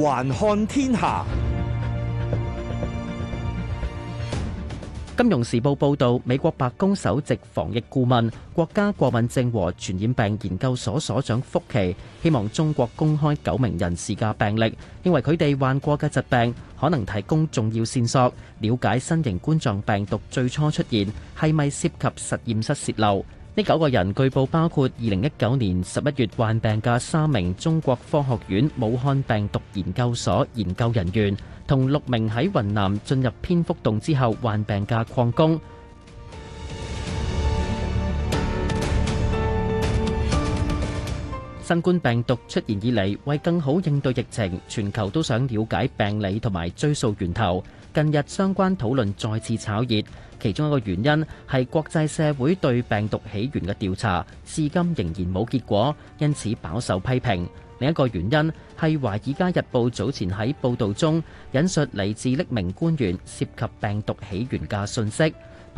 環看天下。金融時報報道，美國白宮首席防疫顧問、國家過敏症和傳染病研究所所長福奇希望中國公開九名人士嘅病歷，認為佢哋患過嘅疾病可能提供重要線索，了解新型冠狀病毒最初出現係咪涉及實驗室泄漏。呢九個人據報包括二零一九年十一月患病嘅三名中國科學院武漢病毒研究所研究人員，同六名喺雲南進入蝙蝠洞之後患病嘅礦工。新冠病毒出現以來，為更好應對疫情，全球都想了解病理同埋追溯源頭。近日，相關討論再次炒熱。其中一個原因是國際社會對病毒起源的調查，至今仍然冇結果，因此飽受批評。另一個原因是華爾街日報早前在報道中，引述來自匿名官員涉及病毒起源的訊息。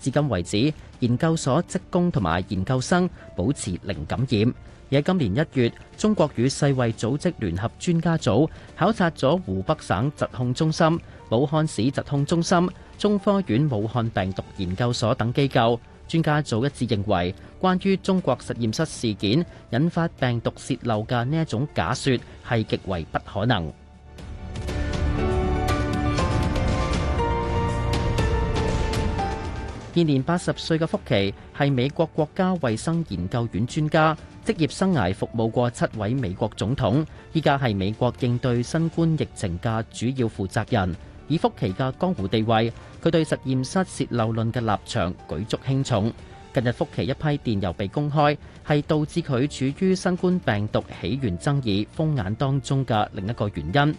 至今為止，研究所職工同埋研究生保持零感染。而喺今年一月，中國與世衛組織聯合專家組考察咗湖北省疾控中心、武漢市疾控中心、中科院武漢病毒研究所等機構，專家組一致認為，關於中國實驗室事件引發病毒泄漏嘅呢一種假說係極為不可能。現年八十歲嘅福奇係美國國家衛生研究院專家，職業生涯服務過七位美國總統，依家係美國應對新冠疫情嘅主要負責人。以福奇嘅江湖地位，佢對實驗室洩漏論嘅立場舉足輕重。近日福奇一批電郵被公開，係導致佢處於新冠病毒起源爭議風眼當中嘅另一個原因。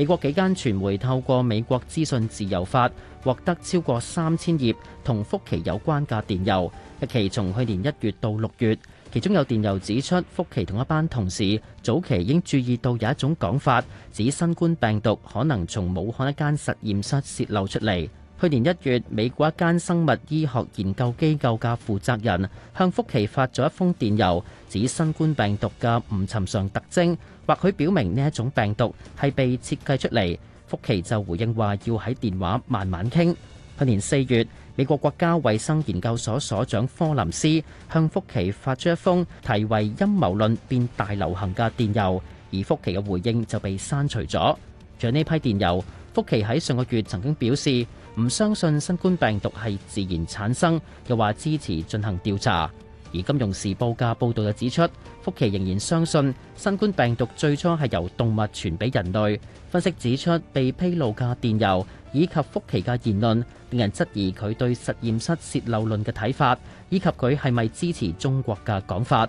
美國幾間傳媒透過美國資訊自由法獲得超過三千頁同福奇有關嘅電郵，日期從去年一月到六月，其中有電郵指出福奇同一班同事早期已經注意到有一種講法，指新冠病毒可能從武漢一間實驗室洩漏出嚟。去年一月，美國一間生物醫學研究機構嘅負責人向福奇發咗一封電郵，指新冠病毒嘅唔尋常特徵，或許表明呢一種病毒係被設計出嚟。福奇就回應話要喺電話慢慢傾。去年四月，美國國家衛生研究所所長科林斯向福奇發出一封題為《陰謀論變大流行》嘅電郵，而福奇嘅回應就被刪除咗。像呢批電郵。福奇喺上個月曾經表示唔相信新冠病毒係自然產生，又話支持進行調查。而《金融時報》嘅報道又指出，福奇仍然相信新冠病毒最初係由動物傳俾人類。分析指出，被披露嘅電郵以及福奇嘅言論，令人質疑佢對實驗室洩漏論嘅睇法，以及佢係咪支持中國嘅講法。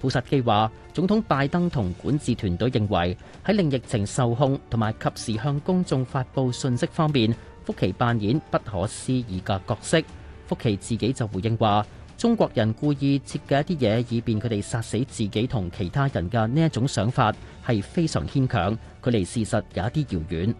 普薩基話：總統拜登同管治團隊認為喺令疫情受控同埋及時向公眾發布信息方面，福奇扮演不可思議嘅角色。福奇自己就回應話：中國人故意設計一啲嘢，以便佢哋殺死自己同其他人嘅呢一種想法係非常牽強，距離事實有一啲遙遠。